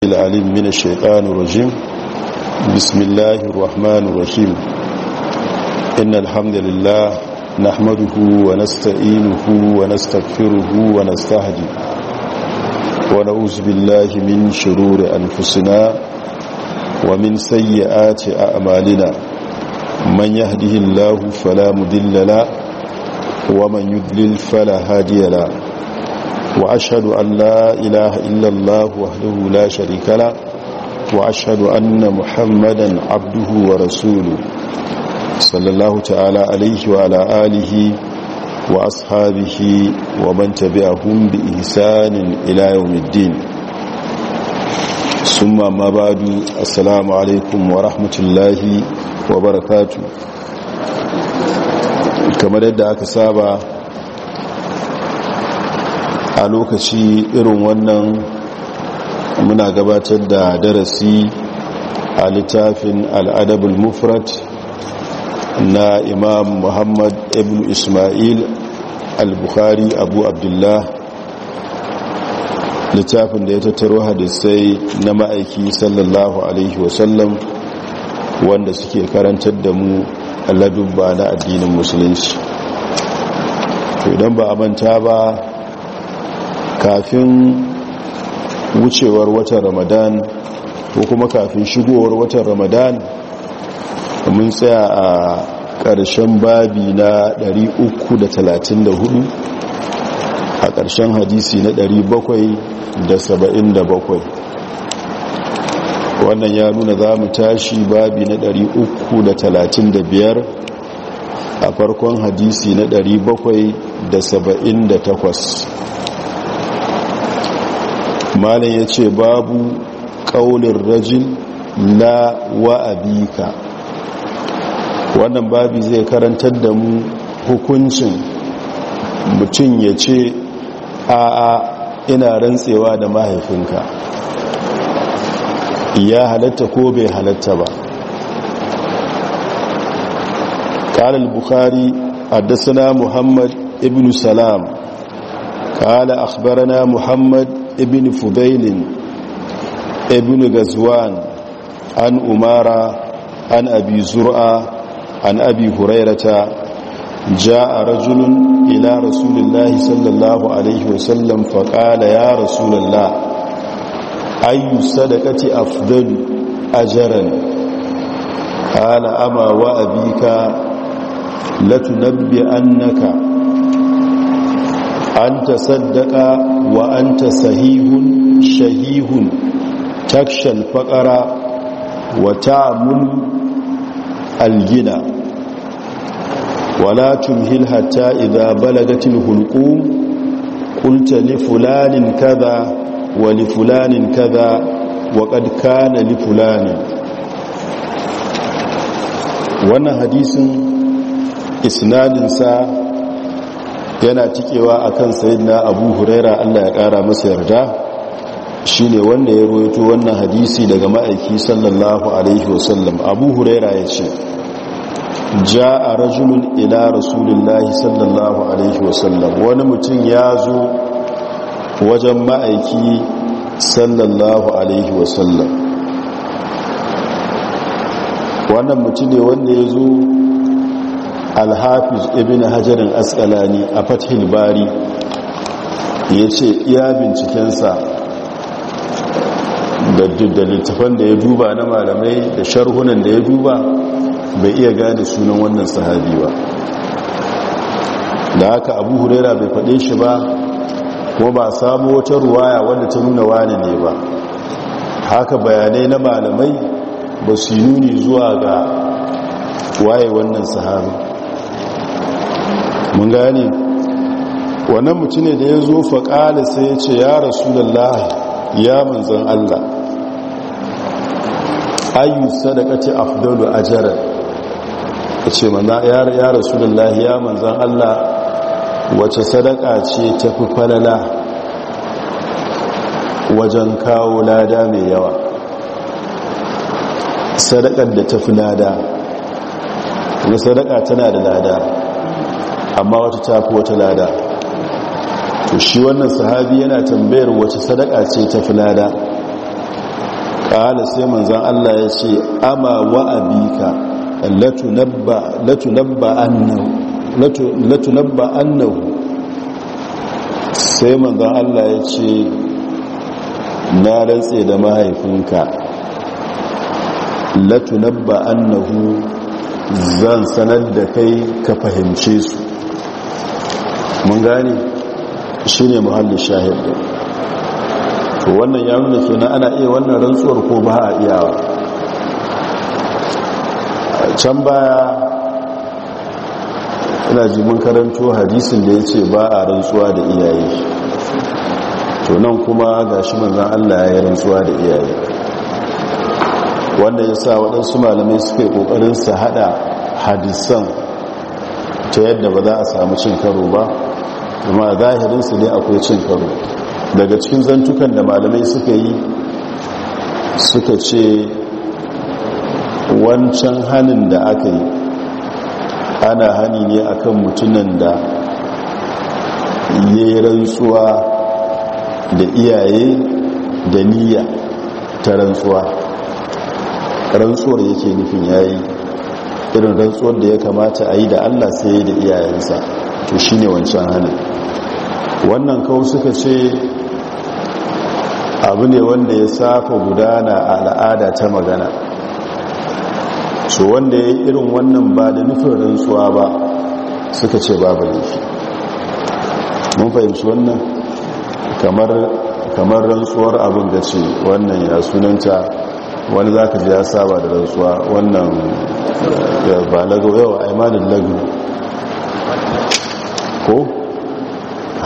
العليم من الشيطان الرجيم بسم الله الرحمن الرحيم إن الحمد لله نحمده ونستعينه ونستغفره ونستهدي ونعوذ بالله من شرور أنفسنا ومن سيئات أعمالنا من يهده الله فلا مدل له ومن يدلل فلا هادي لا وأشهد أن لا إله إلا الله وحده لا شريك له وأشهد أن محمدا عبده ورسوله صلى الله تعالى عليه وعلى آله وأصحابه ومن تبعهم بإحسان إلى يوم الدين ثم ما بعد السلام عليكم ورحمة الله وبركاته كما لدى أكسابه a lokaci irin wannan muna gabatar da darasi a littafin al'adabul mufrat na imam muhammad ibn ismail al-bukhari abu abdullah littafin da ya tattaro hadisai na ma'aiki sallallahu alaihi wasallam wanda suke karantar da mu ladubba na addinin musulunci to idan ba a manta ba kafin wucewar watan ramadan ko kuma kafin shigowar watan ramadan mun tsaya a ƙarshen babi na 334 a ƙarshen hadisi na 777 wannan ya nuna za mu tashi babi na 335 a farkon hadisi na 778 malam ya ce babu ƙaunin rajin na wa'abika wannan babi zai karantar da mu hukuncin mutum ya ce a'a ina rantsewa da mahaifinka ya halatta ko bai halatta ba قال البخاري حدثنا محمد ابن سلام قال أخبرنا محمد ibn fudail ibn gazwan an umara an abi zur'a an abi ja a rajulun ila rasulillahi sallallahu alayhi wa sallam fa qala ya rasulallah ayu sadaqati afdal ajran qala ama wa abika latunabbi naka. an ta saddaka wa an ta sahihun shahihun takshal faƙara wa mun algina wala tumhil hatta idza balagatil hulqum qulta li fulanin kaza wa li fulanin kaza wa qad kana li fulanin wannan hadisin isnadinsa yana cikewa a kan sayyidina abu huraira Allah ya kara masa yarda shi ne wanda ya ruwaito wannan hadisi daga ma'aiki sallallahu alaihi wasallam abu huraira ya ce ja a rajulun ila rasulillahi sallallahu alaihi wasallam wani mutum ya zo wajen ma'aiki sallallahu alaihi wasallam wannan mutum ne wanda ya zo alhafiz ibn hajjarin askalani a fathil bari ya ce iya bincikensa da littafan da ya duba na malamai da sharhunan da ya duba bai iya gane sunan wannan sahabi ba da haka abu huraira bai faɗe shi ba kuma ba samu wata ruwaya wanda ta nuna wani ne ba haka bayanai na malamai ba su nuni zuwa ga waye wannan sahabi mun gane wannan mutum ne da ya zo faƙali sai ya ce ya rasu da lahi ya manzan allah ayyu sadaka ce afdalu a jarar ya ce ya rasu da lahi ya manzan allah wace sadaka ce ta fi falala wajen kawo lada mai yawa sadakar da ta fi lada wani sadaka tana da lada amma wata tafi wata lada to shi wannan sahabi yana tambayar wace sadaka ce ta fi lada ƙala sai manzan Allah ya ce ama wa abika latunabba annahu sai manzan Allah ya ce na rantse da mahaifinka latunabba annahu zan sanar da kai ka fahimce su mun gane shi ne muhallin shahid to wannan ya nuna ke ana iya wannan rantsuwar ko ba a iyawa can baya ina ji mun karanto hadisin da ya ce ba a rantsuwa da iyaye to nan kuma ga shi manzan allah ya yi rantsuwa da iyaye wanda ya sa waɗansu malamai suka yi ƙoƙarin su haɗa hadisan ta yadda ba za a samu cin karo ba amma zahirinsu ne akwai cin karo daga cikin zantukan da malamai suka yi suka ce wancan hannun da aka yi ana hannu ne akan mutunan da ya yi rantsuwa da iyaye da niyya ta rantsuwa rantsuwar yake nufin yayi irin rantsuwar da ya kamata a yi da allah sai da iyayensa to shi ne wancan hannun wannan kawo suka ce abu ne wanda ya safa gudana a al'ada ta magana su wanda ya irin wannan ba da nufin rantsuwa ba suka ce babu laifi mun fahimci wannan kamar rantsuwar abin da ce wannan ya sunanta wani za ka ji ya saba da rantsuwa wannan ba balaga, yau a imanin lagu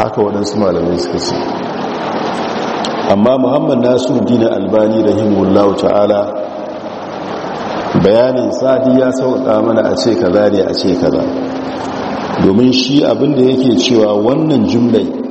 haka waɗansu malamai suka ce amma muhammad nasiru dina albani rahimullahu ta'ala bayanin sadi ya sauƙa mana a ce kaza ne a ce kaza domin shi abinda yake cewa wannan jumlai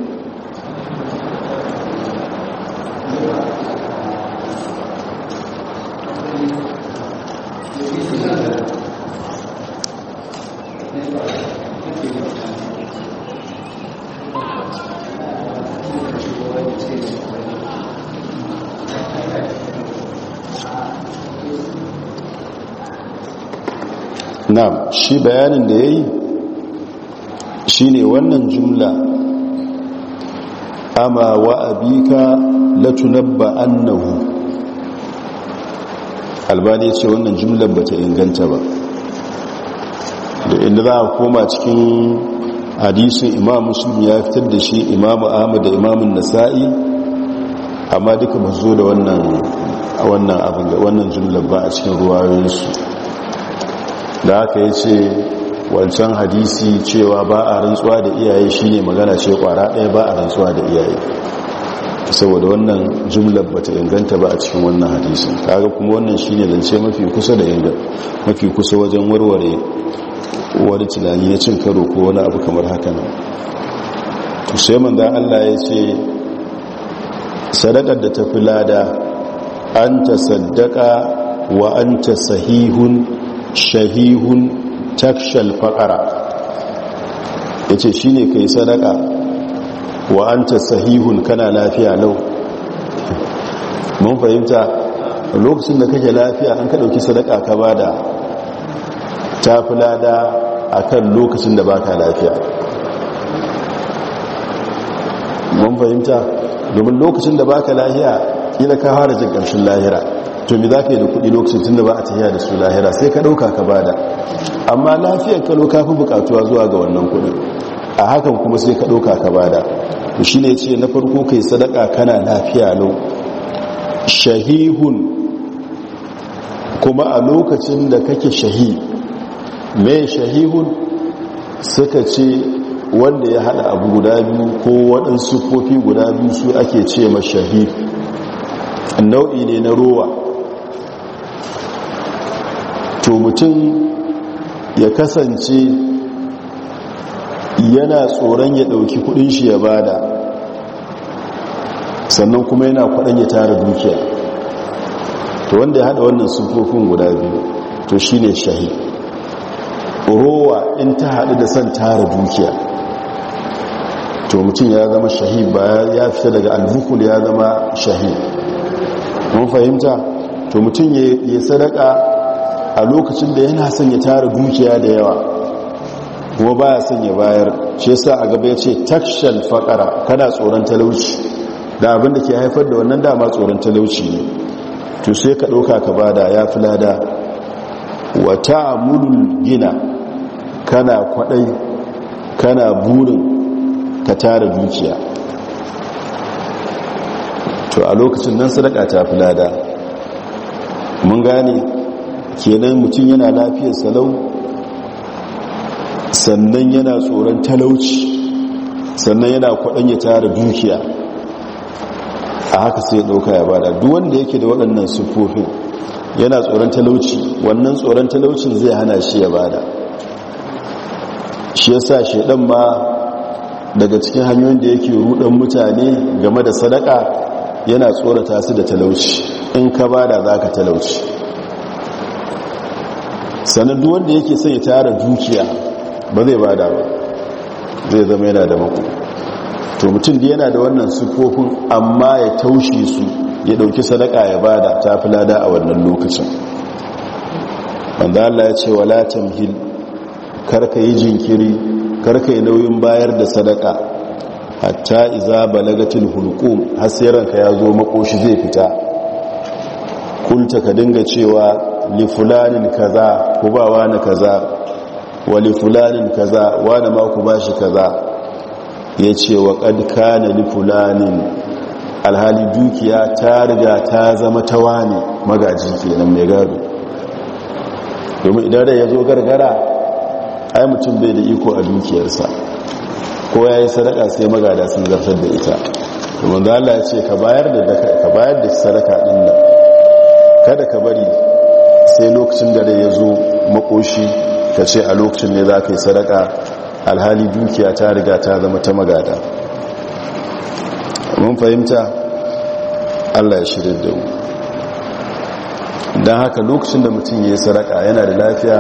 shi bayanin da ya yi shi ne wannan jumla ama wa abika latunabba annahu albani ce wannan jumlar ba ta inganta ba da inda za a koma cikin hadisun imam muslim ya fitar da shi imam ahmad da imamun nasa'i amma duka ba zo da wannan abin wannan jumlar ba a cikin ruwayoyinsu da haka ya ce wancan hadisi cewa ba a rantsuwa da iyaye shine magana ce kwara ɗaya ba a rantsuwa da iyaye saboda wannan jumlar bata inganta ba a cikin wannan hadisin kaga kuma wannan shine zance mafi kusa da mafi kusa wajen warware wani tunani na cin karo ko wani abu kamar haka nan to sai da Allah ya ce sadakar da ta fi lada an ta saddaka wa an ta sahihun shahihun tafshal faƙara ya ce shi ne kai sadaka wa an ta sahihun kana lafiya lau mun fahimta lokacin da kake lafiya an ka ɗauki sadaka ka ba da ta fi lada a kan lokacin da baka lafiya mun fahimta domin lokacin da baka lafiya kila ka hara jin ƙarshen lahira to mi za ka yi da kuɗi lokacin tun da ba a tafiya da su lahira sai ka ɗauka ka bada amma lafiyar ka ka fi buƙatuwa zuwa ga wannan kuɗi? a hakan kuma sai ka ɗauka ka bada to shi ne ce na farko kai sadaka kana lafiya lau shahihun kuma a lokacin da kake shahi mai shahihun suka ce wanda ya haɗa abu guda biyu ko waɗansu kofi guda biyu su ake ce ma shahi nau'i ne na ruwa, to mutum ya kasance yana tsoron ya ɗauki kudin shi ya bada sannan kuma yana kudin ya tara dukiya to wanda ya hada wannan sufofin guda biyu to shi ne shahi rowa in ta hadu da son tara dukiya to mutum ya zama shahi ba ya fita daga alhukul ya zama shahi mun fahimta to mutum ya sadaka a lokacin da yana son ya tara dukiya da yawa kuma baya son ya bayar shi yasa a gaba ya yace takshal faqara kana tsoron talauci da abin da ke haifar da wannan dama tsoron talauci ne to sai ka dauka ka bada ya fulada wa ta'amulul gina kana kwadai kana burin ka tara dukiya to a lokacin nan sadaka ta fi lada mun gane kenan mutum yana lafiyar salau sannan yana tsoron talauci sannan yana kwaɗon ya tara dukiya a haka sai ya ɗauka ya bada duk wanda yake da waɗannan siffofin yana tsoron talauci wannan tsoron talaucin zai hana shi ya bada shi yasa ɗan ma daga cikin hanyoyin da yake rudan mutane game da sadaka yana tsorata su da talauci in ka bada za ka talauci sanadu wanda yake sai ya tara dukiya ba zai bada ba zai zama yana da mako to mutum da yana da wannan sukofin amma ya taushe su ya dauki sadaka ya bada ta fi lada a wannan lokacin wanda Allah ya ce wala tamhil karka yi jinkiri karka yi nauyin bayar da sadaka hatta iza balagatil hulqum har sai ya zo makoshi zai fita kulta ka dinga cewa li fulanin kaza ku ba wani kaza wa li fulanin kaza wani ma ku bashi kaza yace wa qad kana li fulanin alhali dukiya ta riga ta zama ta wani magaji kenan mai gado domin idan da yazo gargara ai mutum bai da iko a dukiyarsa ko ya yi sadaka sai magada sun zartar da ita kuma da Allah ya ce ka bayar da sadaka din nan kada ka bari sai lokacin da rai ya zo makoshi ka ce a lokacin ne za ka yi sadaka alhali dukiya ta riga ta zama ta magada mun fahimta Allah ya shirya da mu don haka lokacin da mutum ya yi sadaka yana da lafiya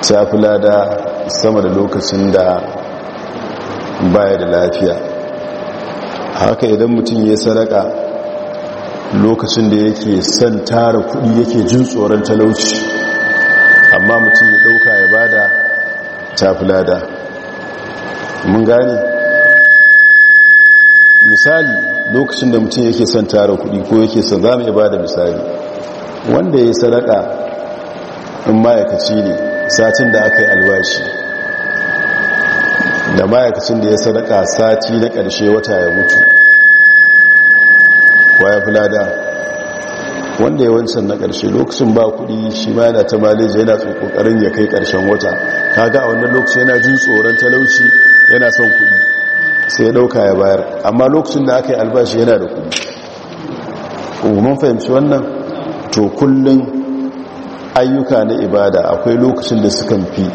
ta fi lada sama da lokacin da baya da lafiya haka idan mutum ya sadaka lokacin da yake son tara kudi yake jin tsoron talauci amma mutum ya dauka ya bada tafilada mun gane misali lokacin da mutum yake son tara kudi ko yake son za mu ya bada misali wanda ya saraka in ma'aikaci ne satin da aka yi albashi da ma'aikacin da ya sadaka sati na ƙarshe wata ya mutu waya fulada wanda ya wancan na ƙarshe lokacin ba kuɗi shi ma yana ta maleji yana tsokokarin ya kai ƙarshen wata kaga a wannan lokacin yana jin tsoron talauci yana son kuɗi sai ya ɗauka ya bayar amma lokacin da aka yi albashi yana da kuɗi mun fahimci wannan to kullum ayyuka na ibada akwai lokacin da sukan fi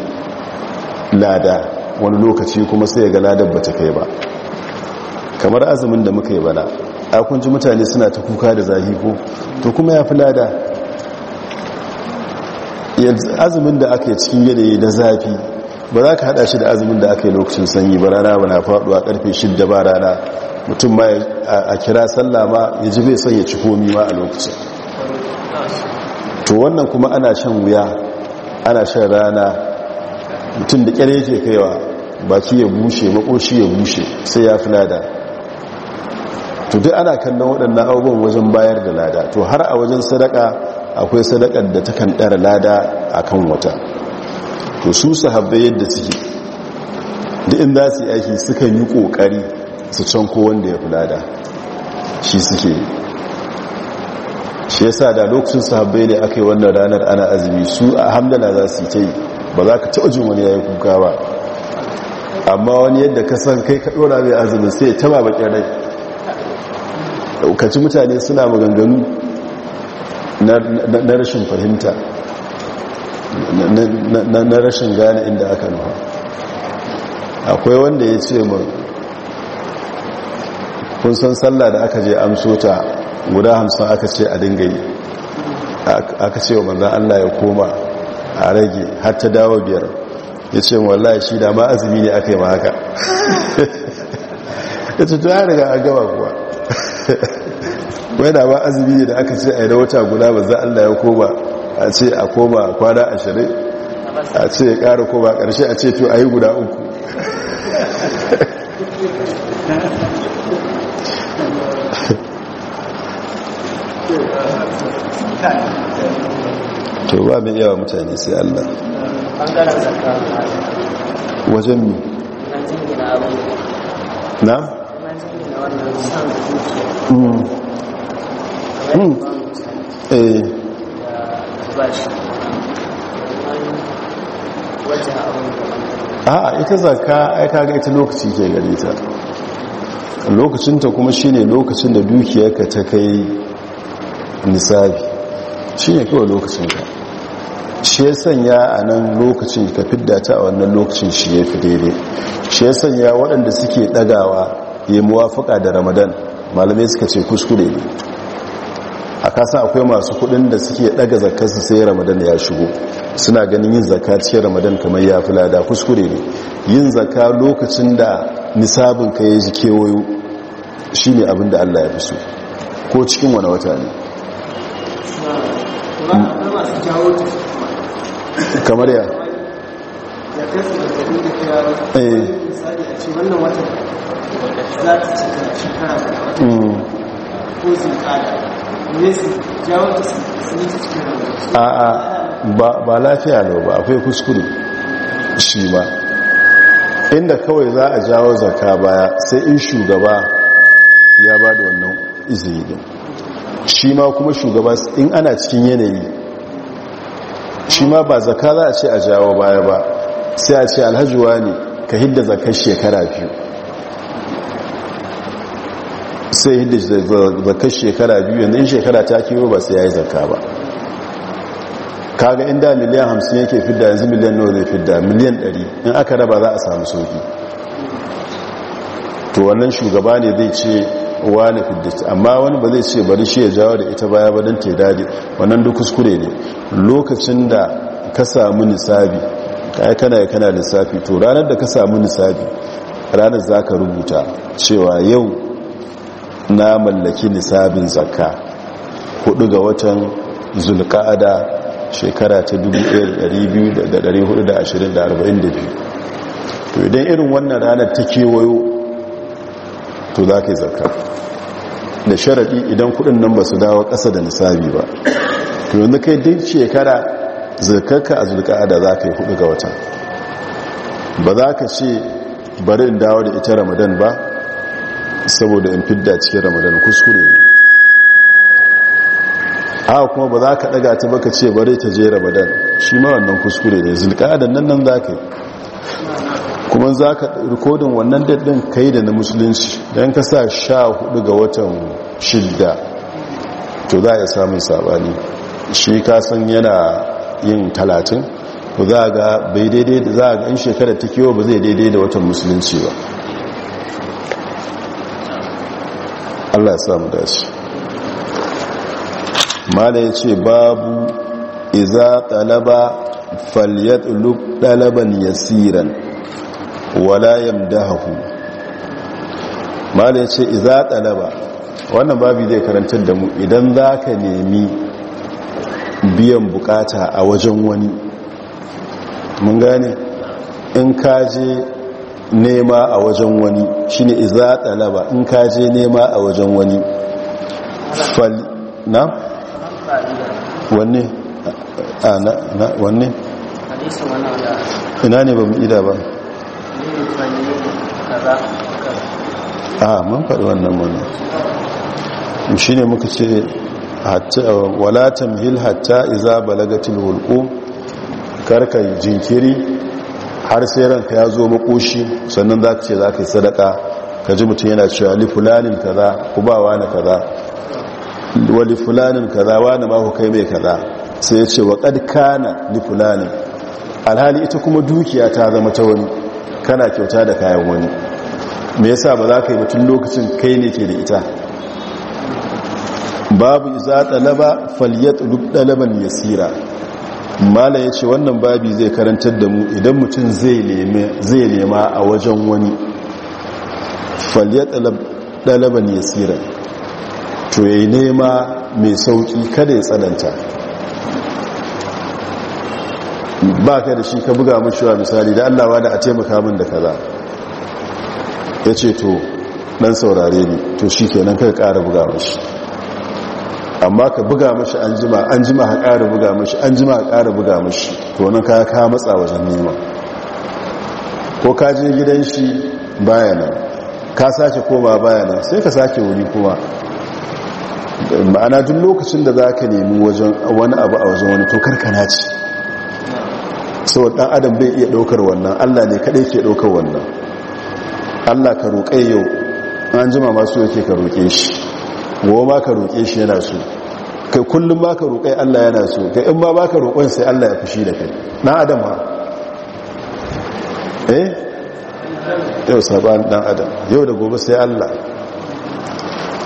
lada wani lokaci kuma sai ya ga ladar ba kai ba kamar azumin da muka yi bana a kunci mutane suna ta kuka da zahi ko to kuma ya fi lada azumin da aka yi cikin yanayi na zafi ba za ka hada shi da azumin da aka yi lokacin sanyi ba rana ba na faduwa karfe shidda ba rana mutum ma a kira sallah ma ya ji bai son ya ci komi ma a lokacin to wannan kuma ana shan wuya ana shan rana mutum da kyar yake kaiwa baki ya bushe makoshi ya bushe sai ya fi lada to duk ana kallon waɗannan abubuwan wajen bayar da lada to har a wajen sadaka akwai sadakar da takan ɗara lada a kan wata to su sahabbai yadda suke duk za su yi aiki sukan yi ƙoƙari su ko wanda ya fi lada shi suke shi ya sa da lokacin sahabbai ne aka yi wannan ranar ana azumi su a hamdala za su yi ta yi ba za ka taɓa jin wani yayin kuka ba amma wani yadda ka san kai ka ɗora mai azumin sai ta ba baƙin rai ɗaukaci mutane suna maganganu na rashin fahimta na rashin gane inda aka nufa akwai wanda ya ce mun kun san sallah da aka je amso ta guda hamsin aka ce a dinga aka ce wa manzan Allah ya koma a rage har ta dawo biyar ya ce wallahi shi da ma azumi ne aka yi ma haka ya ce tuwa daga an gaba kuwa wai da ma azumi ne da aka ce a yi na wata guda ba za Allah ya koma a ce a koma kwana ashirin a ce ya kara koma ƙarshe a ce to a yi guda uku to ba mai yawa mutane sai Allah wajen mi na? a mm. mm. eh. ita zaka ai ga ita lokaci ke gare ta lokacinta kuma shine lokacin da dukiyarka ta kai nisabi shine kawai lokacinta. shi ya sanya a nan lokacin ka fidda ta a wannan lokacin shi ya fi daidai shi ya sanya waɗanda suke ɗagawa ya yi muwafuka da ramadan malamai suka ce kuskure ne a kasa akwai masu kuɗin da suke ɗaga zakarsu sai ramadan ya shigo suna ganin yin zaka cikin ramadan kamar ya fi lada kuskure ne yin zaka lokacin da nisabin ka ya ji kewayo shi ne abin da allah ya fi so ko cikin wani wata ne kamar ya ya eh. a a'a ba lafiya ne ba akwai kuskure shi ba inda kawai za a jawo zaka baya sai in shugaba ya ba da wannan izini shi ma kuma shugaba in ana cikin yanayi shi ma ba zaka za a ce a jawo baya ba sai a ce alhajuwa ne ka hidda zakar shekara biyu sai hidda zakar shekara biyu yanzu in shekara ta kiwo ba sai ya yi zaka ba kaga inda miliyan hamsin yake fidda yanzu miliyan nawa zai fidda miliyan ɗari in aka raba za a samu sauki to wannan shugaba ne zai ce wani fiddata amma wani ba zai ce bari shi ya jawo da ita baya ba don ta dade wannan duk kuskure ne lokacin da ka samu nisabi kai kana ya kana nisabi to ranar da ka samu nisabi ranar za ka rubuta cewa yau na mallaki nisabin zakka hudu ga watan zulka'ada shekara ta 1220 to idan irin wannan ranar ta kewayo to za ka yi zarka da sharaɗi idan kuɗin nan ba su dawo ƙasa da nisabi ba to yanzu kai duk shekara zarkarka a zulka'ada za ka yi hudu ga wata ba za ka ce bari in dawo da ita ramadan ba saboda in fidda cikin ramadan kuskure ne a kuma ba za ka ɗaga ta baka ce bari ta je ramadan shi ma wannan kuskure ne da nan nan za ka yi. kuma za ka rikodin wannan daɗin kai da na musulunci don ka sa sha hudu ga watan shida. to za a samun sabani shi ka san yana yin talatin ko za a ga bai daidai da za a ga in shekarar ta kewa ba zai daidai da watan musulunci ba allah ya samu dashi mana ya ce babu iza talaba falyat lub talaban yasiran wala yamdahu mala yace idza talaba wannan babu zai karantar da mu idan zaka nemi biyan bukata a wajen wani mun gane in kaje nema a wajen wani shine idza talaba in kaje nema a wajen wani fal na wanne a na wanne ina ne ba mu ida ba a mun faɗi wannan mana shi ne muka ce walatan hil hatta iza balagatin hulqum karka jinkiri har sai ranka ya zo makoshi sannan za ka ce za ka yi sadaka ka ji mutum yana cewa lifulanin fulanin kaza ku ba wani kaza wa fulanin kaza wani ma ku kai mai kaza sai ya ce wa ƙadkana kana li fulanin alhali ita kuma dukiya ta zama ta wani kana kyauta da kayan wani me yasa ba za ka yi mutum lokacin kai ne ke da ita babu za ɗalaba faliyat duk ɗalaban yasira mala ya ce wannan babi zai karantar da mu idan mutum zai nema a wajen wani faliyat laban yasira to ya nema mai sauƙi kada ya tsananta ba ka da shi ka buga mashiwa misali da Allah da a taimaka min da kaza ya ce to dan saurare ne to shi kenan ka ƙara buga mashi amma ka buga mashi an jima an jima ka ƙara buga mashi an jima ka ƙara buga mashi to nan ka ka matsa wajen nema ko ka je gidan shi baya nan ka sake koma baya nan sai ka sake wuri kuma ma'ana duk lokacin da za ka nemi wani abu a wajen wani to karkana ce saboda dan adam bai iya daukar wannan Allah ne kadai ke daukar wannan Allah ka roƙe yau an jima masu yake ka roƙe shi gowa ma ka roƙe shi yana so kai kullum ma ka roƙe Allah yana so kai in ma ba ka roƙon sai Allah ya fushi da kai dan adam ha eh yau saban dan adam yau da gobe sai Allah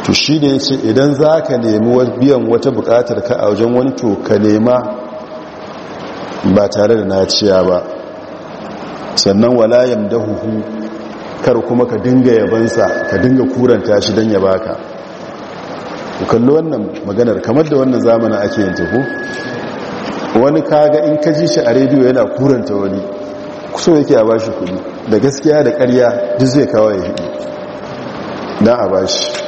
to shi ne ya ce idan za ka nemi biyan wata buƙatar ka a wajen wani to ka nema ba tare da naciya ba sannan walayan huhu kar kuma ka dinga yabansa ka dinga kuranta shi don ya baka ku kalli wannan maganar kamar da wannan zamanin ake yin tafi wani kaga in ka ji shi a rediyo yana kuranta wani kusur yake a bashi kudi da gaskiya da karya duk zai kawo ya hidu don a bashi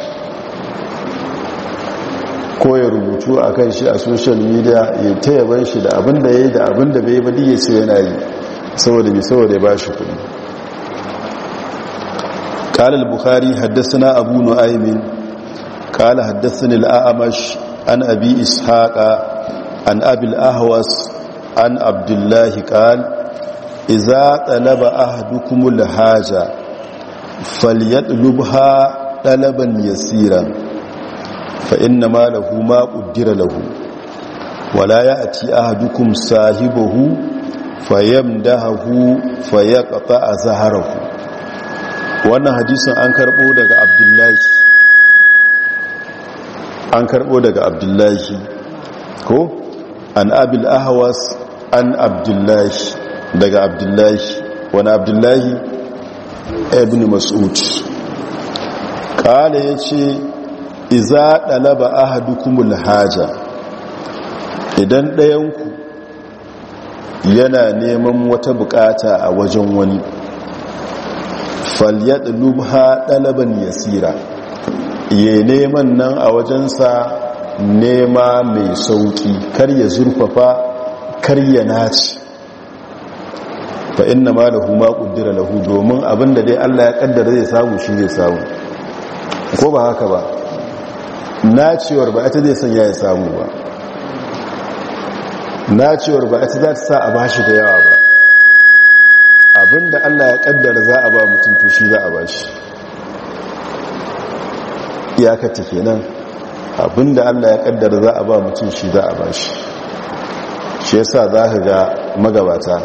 rubutu a kan shi a social media ya ta yaban shi da abin da ya yi da abin da bai badi ya ce yana yi saboda mai saboda ya ba shi kudi قال البخاري حدثنا أبو نعيم قال حدثني الأعمش عن أبي إسحاق عن أبي الأهوس عن عبد الله قال إذا طلب أحدكم الحاجة فليطلبها طلبا يسيرا fa inna ma lahu ma quddira lahu wala ya'ti ahadukum sahibahu fayamdahu fayaqta azharahu wannan hadisin an karbo daga abdullahi an karbo daga abdullahi ko an abil ahwas an abdullahi daga abdullahi wani abdullahi ibn mas'ud ya yace iza ɗalaba ahadukumul haja idan ɗayanku yana neman wata bukata a wajen wani falyad lubha ɗalaban yasira ya neman nan a wajensa nema mai sauƙi kar ya zurfafa kar ya naci fa inna ma lahu ma qaddara lahu domin abinda dai Allah ya kaddara zai samu shi zai samu ko ba haka ba nacewar ba ta zai sanya ya samu ba nacewar ba ta za ta sa a ba shi da yawa ba abinda allah ya kaddara za a ba mutum to shi za a ba shi. bashi iyakata kenan abinda allah ya kaddara za a ba mutum shi za a ba shi shi ya sa za ka ga magabata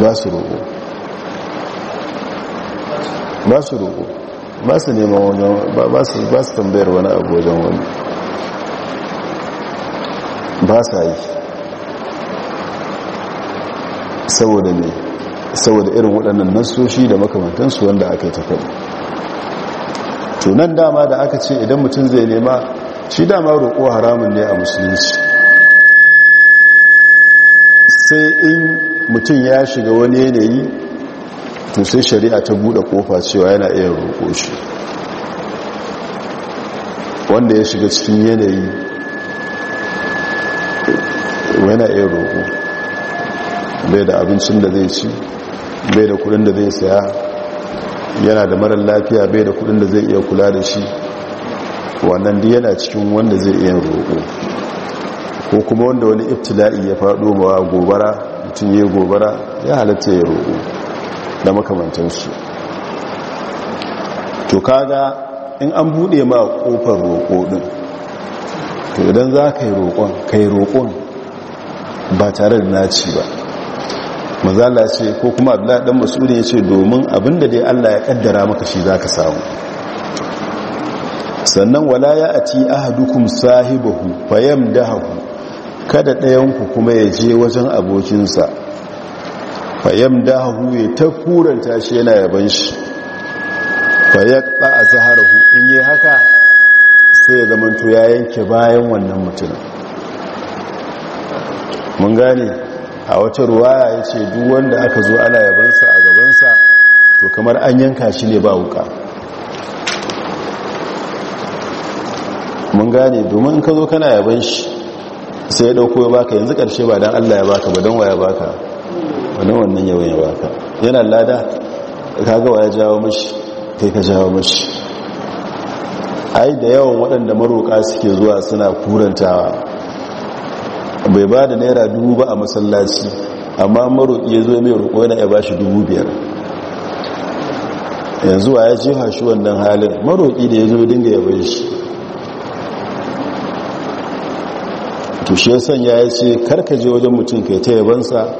ba su roƙo ba su roƙo ba su neman wajen ba su tambayar wani abu wajen wani ba sa yi saboda ne saboda irin waɗannan nasoshi da makamantansu wanda aka yi tafai tunan dama da aka ce idan mutum zai nema shi dama roƙo haramun ne a musulunci sai in mutum ya shiga wani yanayi to sai shari'a ta bude kofa cewa yana iya roƙo shi wanda ya shiga cikin yanayi yana iya roƙo bai da abincin da zai ci bai da kudin da zai saya yana da marar lafiya bai da kudin da zai iya kula da shi wannan da yana cikin wanda zai iya roƙo ko kuma wanda wani iftila'i ya faɗo mawa gobara mutum ya gobara ya halatta ya roƙo da makamantansu to kaga in an bude ma kofar roƙo din to idan za ka yi roƙon ka yi roƙon ba tare da naci ba mazala ce ko kuma abdullahi dan masudi ya ce domin abinda dai Allah ya ƙaddara maka shi za ka samu sannan wala ya ati ahadukum sahibahu hahu kada ɗayanku kuma ya je wajen abokinsa fayyam dahu ya ta kuranta shi yana yaban shi fayyar ba a zaharahu in yi haka sai ya zamanto ya yanke bayan wannan mutumin mun gane a wata ruwaya ya ce duk wanda aka zo ana yabansa a gabansa to kamar an yanka shi ne ba wuka mun gane domin ka zo kana yaban shi sai ya ɗauko ya baka yanzu karshe ba don allah ya baka ba don waya baka wani wannan yawon yawon ka yana lada kaga wa ya jawo mashi kai ka jawo mashi ai da yawan waɗanda maroka suke zuwa suna kurantawa bai ba da naira dubu ba a masallaci amma maroƙi ya zo mai roƙo yana ya ba shi dubu biyar yanzu wa ya jefa wannan halin maroƙi da ya zo dinga ya bai shi tushe ya sanya ya ce karkaje wajen mutum kai ta yabansa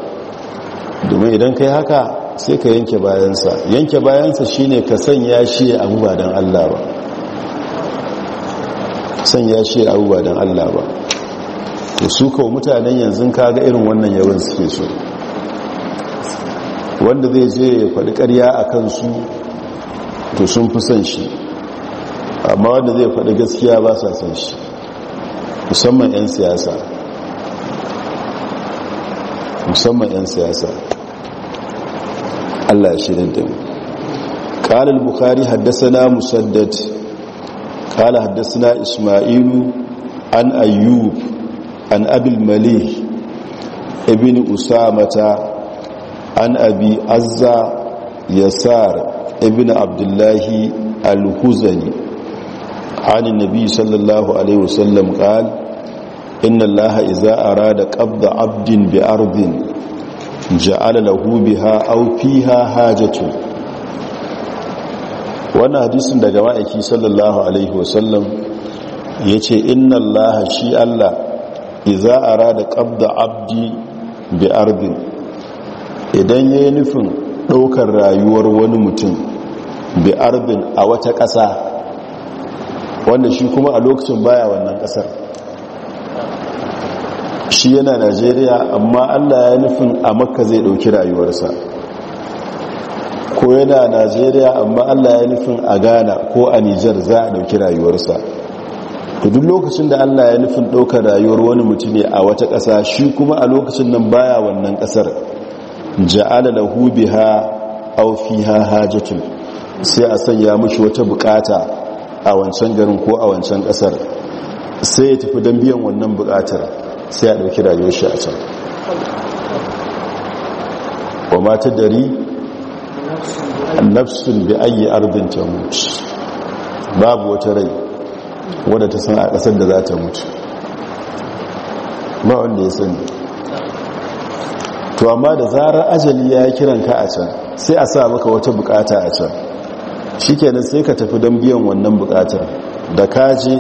domin idan kai haka sai ka yanke bayansa yanke bayansa shine ka sanya shi a abu Allah ba sanya shi a abu Allah ba to su kawo mutanen yanzu kaga irin wannan yawan suke so wanda zai je ya faɗi ƙarya a kansu to sun fi son shi amma wanda zai faɗi gaskiya ba sa son shi musamman 'yan siyasa musamman 'yan siyasa allah ya shirin da ƙala bukari haddasa musaddad ƙala haddasa na ismailu an ayyub an abil mali ibn usamata an abi azza yasar ibin abdullahi al-huzani عن النبي صلى الله عليه وسلم قال إن الله إذا أراد قبض عبد بأرض ja'ala lahu biha aw fiha hajatu wannan hadisin daga wa'iki sallallahu alaihi wasallam yace inna allaha shi allah idza arada qabda abdi bi ardin idan yayi nufin daukar rayuwar wani mutum bi ardin a wata ƙasa wanda shi kuma a lokacin baya wannan ƙasar shi yana najeriya amma allah ya nufin a makka zai ɗauki rayuwarsa ko yana najeriya amma allah ya nufin a ghana ko a nijar za a ɗauki rayuwarsa to duk lokacin da allah ya nufin ɗaukar rayuwar wani mutum ne a wata ƙasa shi kuma a lokacin nan baya wannan ƙasar ja'ala hubi ha aufi ha hajjatun sai a sanya mashi wata bukata a wancan garin ko a wancan ƙasar sai ya tafi don biyan wannan bukatar sai a ɗauki rayuwar shi a can wa mata dari nafsun bi ayi ardin ta mutu babu wata rai wadda ta san a ƙasar da za ta mutu ba wanda ya sani to amma da zarar ajali ya yi kiranka a can sai a sa maka wata bukata a can shi kenan sai ka tafi don biyan wannan bukatar da kaji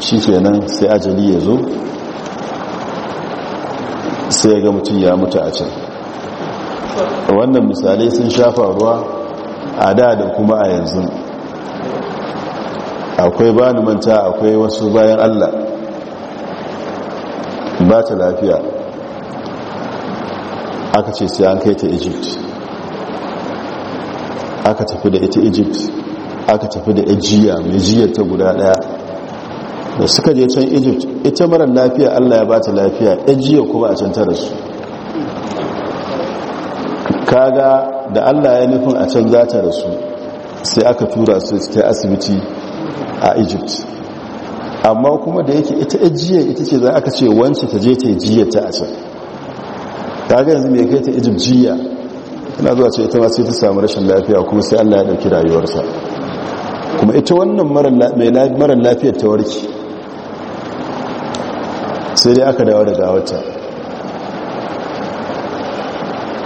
shi kenan sai ajali ya zo sai ga mutum ya mutu a can wannan misalai sun shafa ruwa a da da kuma a yanzu akwai bani manta akwai wasu bayan allah ba ta lafiya aka ce sai an kai ta egypt aka tafi da ita egypt aka tafi da ejiya mai jiyar ta guda daya da suka je can egypt ita mara lafiya allah ya bata lafiya ya jiya kuma a can tara su kaga da allah ya nufin a can za ta rasu sai aka tura su cikin asibiti a egypt amma kuma da yake ita ajiyar ita ce za aka ce wance ta je ta yi jiyar ta a can ta ga yanzu mai kai ta egypt jiya tana zuwa ce ita ma sai ta samu rashin lafiya kuma sai allah ya ɗauki rayuwarsa kuma ita wannan mara lafiyar ta warki sai dai aka dawo daga wata,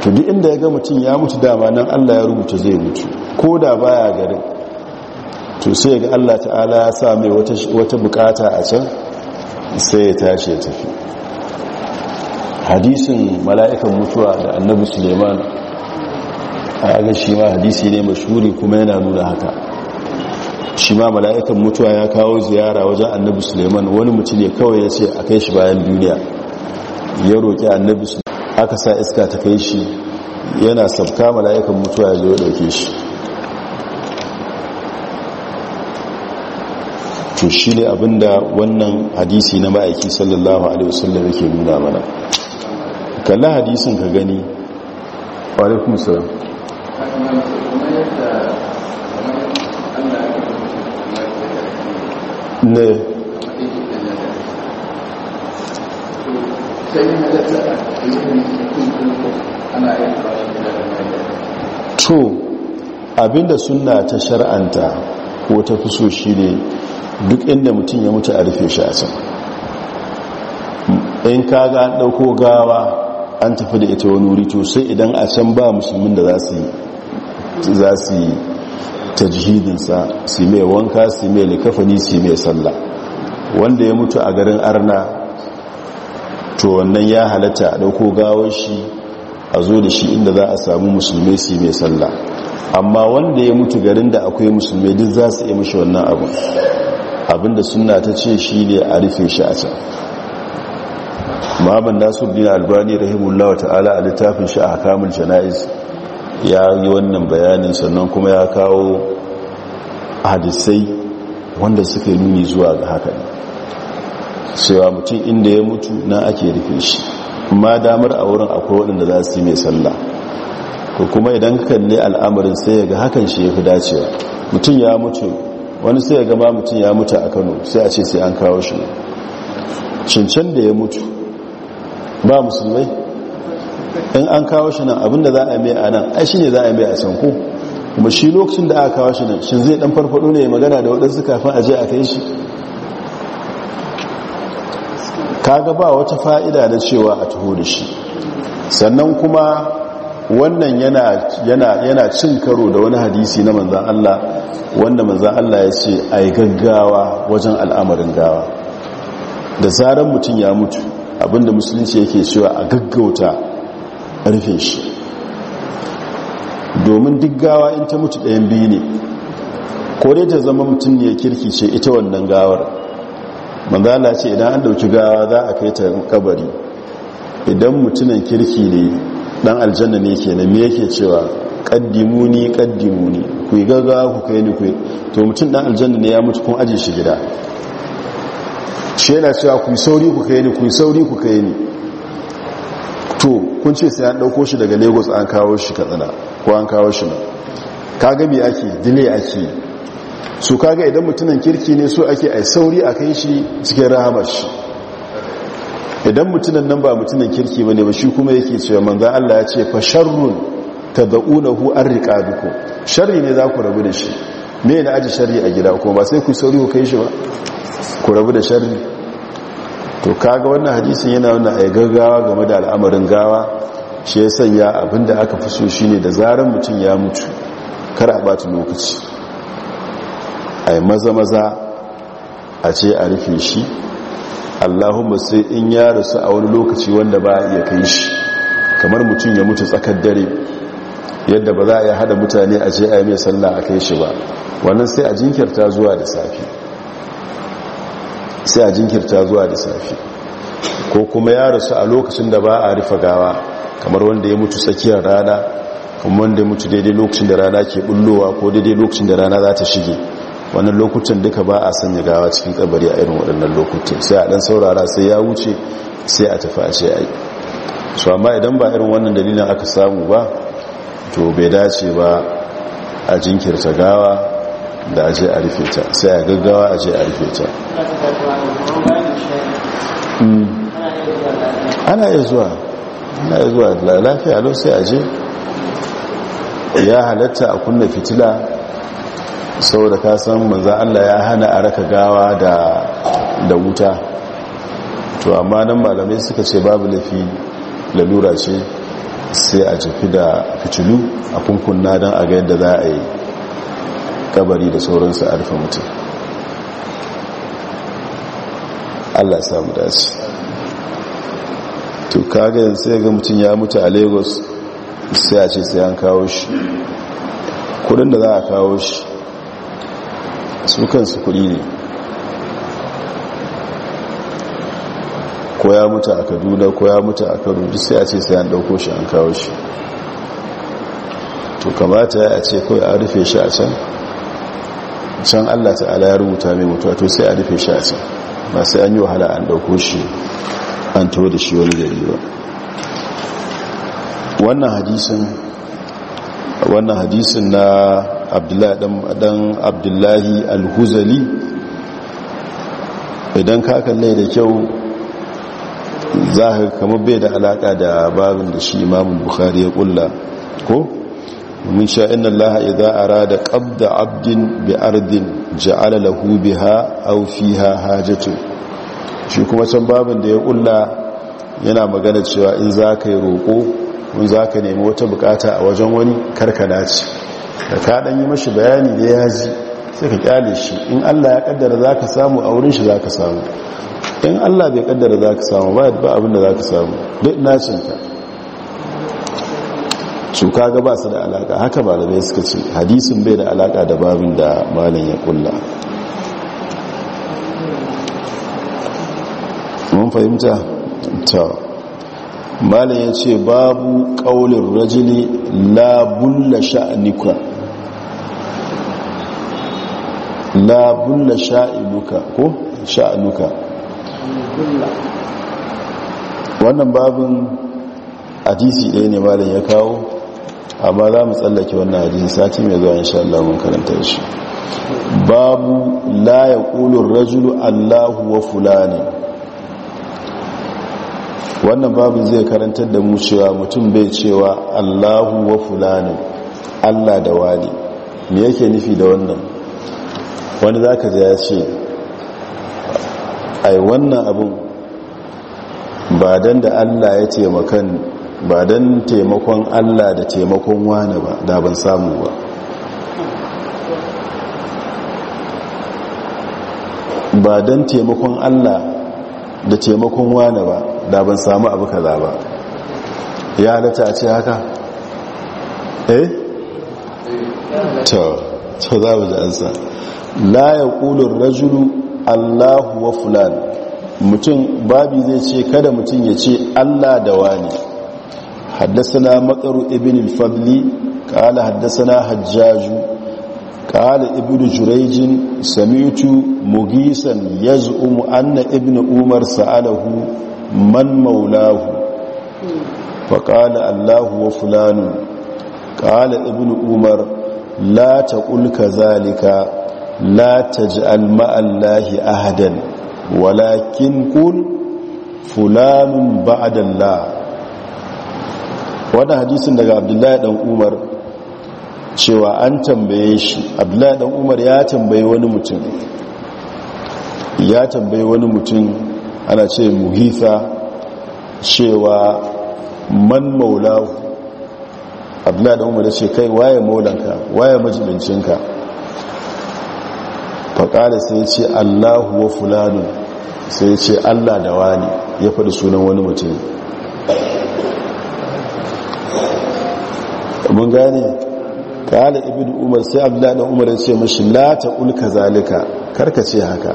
to duk inda ya ga mutum ya mutu dama nan allah ya rubuta zai mutu ko da baya garin to sai ga allah ta'ala ya sa mai wata bukata a can sai ya tashi ya tafi hadisin mala'ikan mutuwa da annabi suleiman a ga shi ma hadisi ne mashuri kuma yana nuna haka shi ma mala'ikan mutuwa ya kawo ziyara wajen annabi suleiman wani mutum ne kawai ya ce a kai shi bayan duniya ya roƙi annabi suleiman aka sa iska ta kai shi yana sabka mala'ikan mutuwa ya zo ɗauke shi to shi ne abinda wannan hadisi na ma'aiki sallallahu alaihi wasallam yake nuna mana kalla hadisin ka gani wa alaikum ne to abinda suna ta shar'anta ko ta fi so shi ne duk inda mutum ya mutu a rufe shi a can in kaga an ɗauko gawa an tafi da ita wani wuri to sai idan a can ba musulmin da za su yi tajhidinsa su mai wanka su mai likafani su mai sallah wanda ya mutu a garin arna to wannan ya halatta a ɗauko gawar shi a zo da shi inda za a samu musulmi su mai sallah amma wanda ya mutu garin da akwai musulmi duk za su yi mashi wannan abu abinda suna ta ce shi ne a rufe shi a can ma'abin nasu biyu albani rahimullah ta'ala a littafin shi a kamun jana'iz ya yi wannan bayanin sannan kuma ya kawo hadisai wanda suka yi nuni zuwa ga haka cewa mutum inda ya mutu na ake rufe shi amma damar a wurin akwai waɗanda za su yi mai sallah ko kuma idan ka kalli al'amarin sai ya ga hakan shi ya fi dacewa mutum ya mutu wani sai ya gama mutum ya mutu a kano sai a ce sai an kawo shi cincin da ya mutu ba musulmai in an kawo shi nan abinda za a mai a nan ai shi ne za a mai a sanko kuma shi lokacin da aka kawo shi nan shi zai dan farfado ne magana da waɗansu kafin a je a kai shi kaga ba wata fa'ida na cewa a taho da shi sannan kuma wannan yana cin karo da wani hadisi na manzon Allah wanda manzon Allah ya ce ai gaggawa wajen al'amarin gawa da zaran mutum ya mutu abinda musulunci yake cewa a gaggauta rufe shi domin duk gawa in ta mutu ɗayan biyu ne ko dai ta zama mutum ne ya kirki ce ita wannan gawar manzala ce idan an ɗauki gawa za a kai ta kabari idan mutumin kirki ne ɗan aljanna ne ke na me yake cewa ƙaddimuni ni ku yi gaggawa ku kai ni ku to mutum ɗan aljanna ne ya mutu kun aji shi gida shi yana cewa ku yi sauri ku kai ni ku yi sauri ku kai ni to kun ce sai an ɗauko shi daga lagos an kawo shi katsina ko an kawo shi ne. Ka gabi ake dile ake su kaga idan mutunan kirki ne so ake a sauri a kai shi cikin rahamar shi idan mutumin nan ba mutumin kirki bane ba shi kuma yake cewa manzan Allah ya ce fa sharrun riƙa arriqabikum sharri ne za ku rabu da shi me ne aji sharri a gida kuma ba sai ku sauri ku kai shi ba ku rabu da sharri to kaga wannan hadisin yana wannan a gaggawa game da al'amarin gawa shi ya sanya abinda aka fi so shine da zarar mutum ya mutu kar a bata lokaci A yi maza maza a ce a rufe shi allahumma sai in ya rasu a wani lokaci wanda ba a iya kai shi kamar mutum ya mutu tsakar dare yadda ba za a yi hada mutane a ce a yi mai sallah a kai shi ba wannan sai a jinkirta zuwa da safi sai a jinkirta zuwa da safi ko kuma ya rasu a lokacin da ba a rufe gawa kamar wanda ya mutu tsakiyar rana kuma wanda ya mutu daidai lokacin da rana ke bullowa ko daidai lokacin da rana za ta shige wannan lokutan duka ba a sanya gawa cikin kabari a irin waɗannan lokutan sai a ɗan saurara sai ya wuce sai a tafi a ce yi su amma idan ba irin wannan dalilin aka samu ba to bai dace ba a jinkirta gawa da aje a rufe ta sai a gaggawa aje a rufe ta hmm. ana iya zuwa ana iya zuwa lafiya lau sai aje ya halatta a kunna fitila saboda ka san manzan Allah ya hana a raka gawa da wuta to amma nan malamai suka ce babu lafi lalura ce sai a tafi da fitilu a kunkunna don a ga yadda za a yi kabari da sauransu a rufe mutum allah samu dace to kaga yanzu sai ga mutum ya mutu a lagos sai a ce sai an kawo shi kudin da za a kawo shi su kansu kudi ne ko ya mutu a kaduna ko ya mutu a kano duk sai a ce sai an dauko shi an kawo shi to kamata ya ce kawai a rufe shi a can can allah ta'ala ya rubuta mai mutuwa to sai a rufe shi a can ba sai an yi wahala an dauko shi an tawo da shi wani gari ba wannan hadisin na abdullahi abdullahi al-huzali idan ka kalle da kyau za ka kamar bai da alaka da babin da shi imamun bukhari ya kulla ko mun sha inna allaha idza arada ƙabda abdin bi ardin ja'ala lahu ha aw ha hajatu shi kuma can babin da ya ƙulla yana magana cewa in ka yi roko in ka nemi wata bukata a wajen wani karkada ce da ka ɗan yi mashi bayani da ya ji sai ka ƙyale shi in Allah ya za ka samu a wurin shi ka samu in Allah bai kaddara ka samu ba abin da zaka samu duk nacinka su kaga ba su da alaka haka malamai suka ce hadisin bai da alaka da babin da malam ya kulla mun fahimta ta malam ya ce babu kaulin rajili labulla bulla labulla sha'anuka bulla ko sha'anuka wannan babin hadisi ɗaya ne malam ya kawo amma za mu tsallake wannan hadisi sati mai zuwa insha Allah mun karanta shi babu la yaqulu ar-rajulu Allahu wa fulani wannan babu zai karantar da mu cewa mutum bai cewa Allahu wa fulani Allah da wali. me yake nufi da wannan wani zaka ji ya ce ai wannan abun ba dan da Allah ya ce makan ba don taimakon allah da taimakon wani ba da ban samu ba ba don taimakon allah da taimakon wani ba da ban samu abu kaza ba ya halatta a ce haka eh to ta za mu ji ansa la yaqulu rajulu allahu wa fulan mutum babi zai ce kada mutum ya ce allah da wani حدثنا مطر ابن الفضل قال حدثنا حجاج قال ابن جريج سمعت مغيسا يزعم أن ابن عمر سأله من مولاه فقال الله وفلان قال ابن عمر لا تقل كذلك لا تجعل مع الله أهدا ولكن قل فلان بعد الله wannan hadisin daga abdullahi dan umar cewa an tambaye shi abdullahi dan umar ya tambaye wani mutum ya tambaye wani mutum ana ce muhitha cewa man maulahu abdullahi dan umar ya ce kai waye maulanka waye majibincinka faƙari sai ce allahu wa fulani sai ce allah da wani ya faɗi sunan wani mutum mun gane kala ibn umar sai abdullahi dan umar ya mashi la ta ulka zalika karka ce haka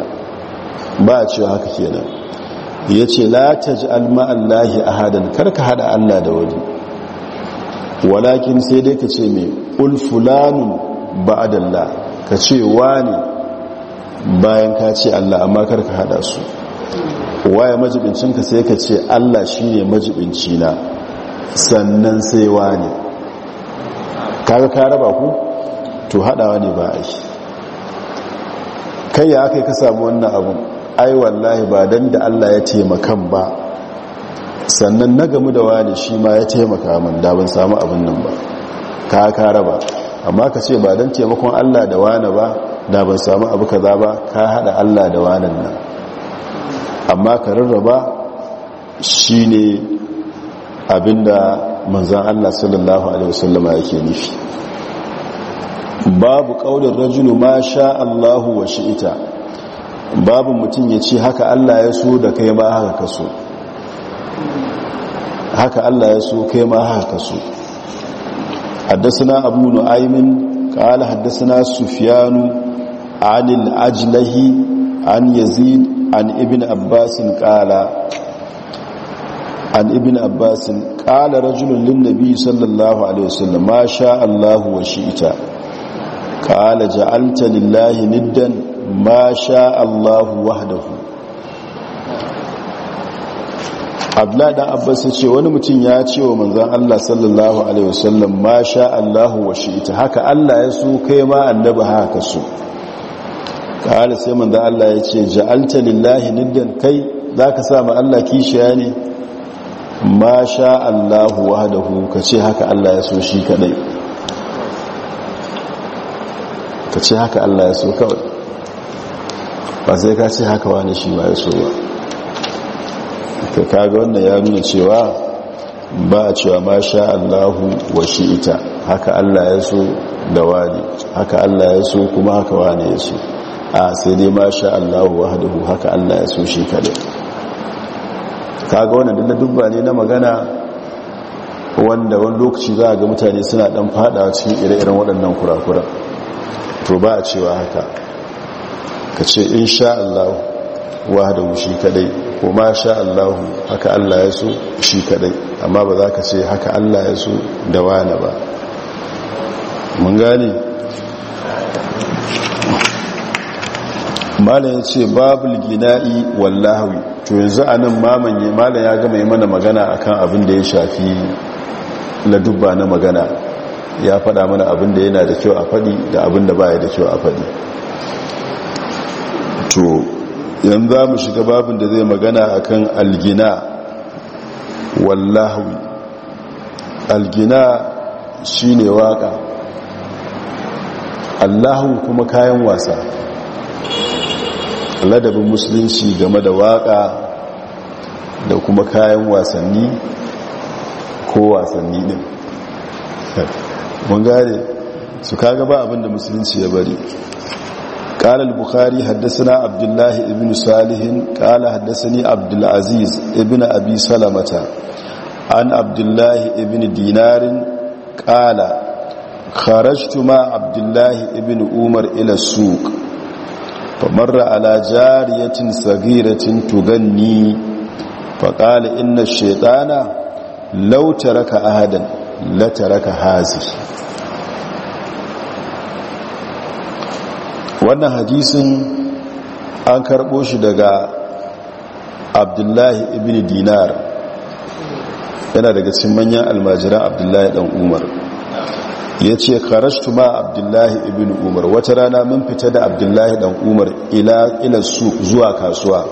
ba a cewa haka kenan ya la ta ji Allahi a karka hada allah da wani walakin sai dai kace ce mai ulfulanun ba'adalla ka ce wani bayan ka ce allah amma karka hada su waye majibincinka sai kace allah shine majibincina sannan sai wani kaga ka raba ku to haɗawa ne ba a kai ya aka ka samu wannan abu? ai wallahi ba don da allah ya taimakan ba sannan na gamu da wani shi ma ya taimaka min da ban samu abin nan ba ka ka raba amma ka ce ba don taimakon allah da wani ba da ban samu abu kaza ba ka haɗa allah da wanan nan amma ka rarraba shi ne abinda manzan Allah sallallahu alaihi ya yake nufi babu ƙaunar rajulu ma sha Allahu wa ita. babu mutum ya ce haka Allah ya so da kai ma haka so. haka Allah ya so kai ma haka so. haddasa abu nu'aimin qala haddasa Sufiyanu, Anil ajilahi An-Yazid, an ibn Abbasin ƙala. an ibn abbas qala rajulun lin sallallahu alaihi wasallam ma sha Allah wa shi'ta qala ja'alta lillahi niddan ma sha Allah wahdahu abdullahi dan abbas ya ce wani mutum ya ce wa manzon Allah sallallahu alaihi wasallam ma sha Allah wa shi'ta haka Allah ya so kai ma annabi haka so kala sai manzon Allah ya ce ja'alta lillahi niddan kai zaka sa ma Allah kishiya ne ma sha Allahu ka ce haka Allah ya so shi kadai ce haka Allah ya so kawai ba sai ka ce haka wani shi ma ya so ba ka kaga wannan ya nuna cewa ba a cewa ma sha Allahu wa shi ita haka Allah ya so da wani haka Allah ya so kuma haka wani ya so a sai dai ma sha Allahu wahadahu, haka Allah ya so shi kadai kaga wannan duk na dubba ne na magana wanda wani lokaci za a ga mutane suna dan fadawa cikin ire-iren waɗannan kurakura to ba a cewa haka ka ce in sha Allah wahdahu shi kadai ko ma sha Allah haka Allah ya so shi kadai amma ba za ka ce haka Allah ya so da wani ba mun gane malam ya ce babul gina'i wallahi to yanzu a nan malam ya gama yi mana magana akan abin da ya shafi ladubba na magana ya fada mana abin da yana da kyau a fadi da abin da baya da kyau a fadi to yanzu za mu shiga babin da zai magana akan algina wallahi algina shine waka allahu kuma kayan wasa ladabin musulunci game da waka da kuma kayan wasanni ko wasanni din mun gane su kaga ba abin da musulunci ya bari قال البخاري حدثنا عبد الله بن صالح قال حدثني عبد العزيز ابن أبي سلمة عن عبد الله بن دينار قال خرجت مع عبد الله بن عمر إلى السوق famarra ala jariyacin sagiracin tuganni faƙali inna shaidana lautaraka ahadan lataraka hazi wannan hadisin an karɓo shi daga abdullahi ibn dinar yana daga cikin manyan almajiran abdullahi ɗan umar ya ce kharashtu ma abdullahi ibn umar wata rana mun fita da abdullahi dan umar ila ila su zuwa kasuwa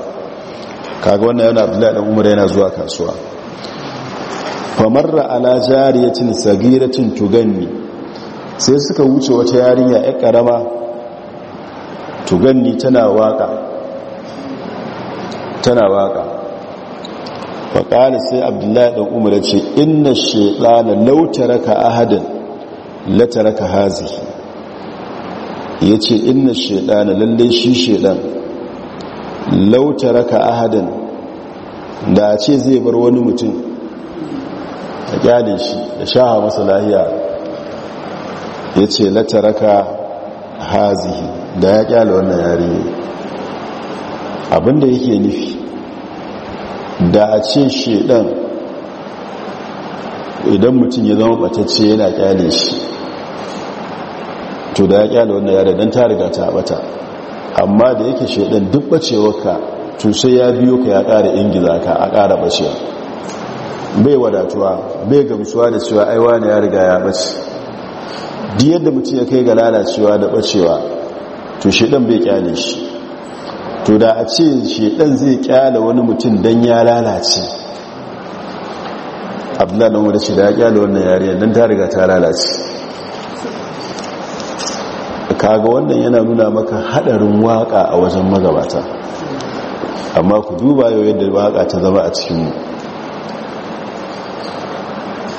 kaga wannan yana abdullahi dan umar yana zuwa kasuwa famarra ala jariyatin sagiratin tuganni sai suka wuce wata yarinya ya karama tuganni tana waka tana waka faƙali sai abdullahi dan umar ya ce inna shaitana lautaraka ahadin lataraka hazihi ya ce inna shaidana lallai shi shaidan lautaraka ahadan da a ce zai bar wani mutum a kyale shi da shaha masa lahiya ya ce lataraka hazihi da ya kyale wannan ne abinda yake nufi da a ce shaidan idan mutum ya zama batacce yana kyale shi to da ya kyale wannan yare dan ta riga ta bata amma da yake shaidan duk bacewarka to sai ya biyo ka ya kara ingiza ka a kara bacewa bai wadatuwa bai gamsuwa da cewa aiwa ne ya riga ya bace duk yadda mutum ya kai ga lalacewa da bacewa to dan bai kyale shi to da a ce dan zai kyale wani mutum dan ya lalace abdullahi dan wanda shi da ya kyale wannan yare dan ta riga ta lalace kaga wannan yana nuna maka hadarin waka a wajen magabata amma ku duba yau yadda waka ta zama a cikin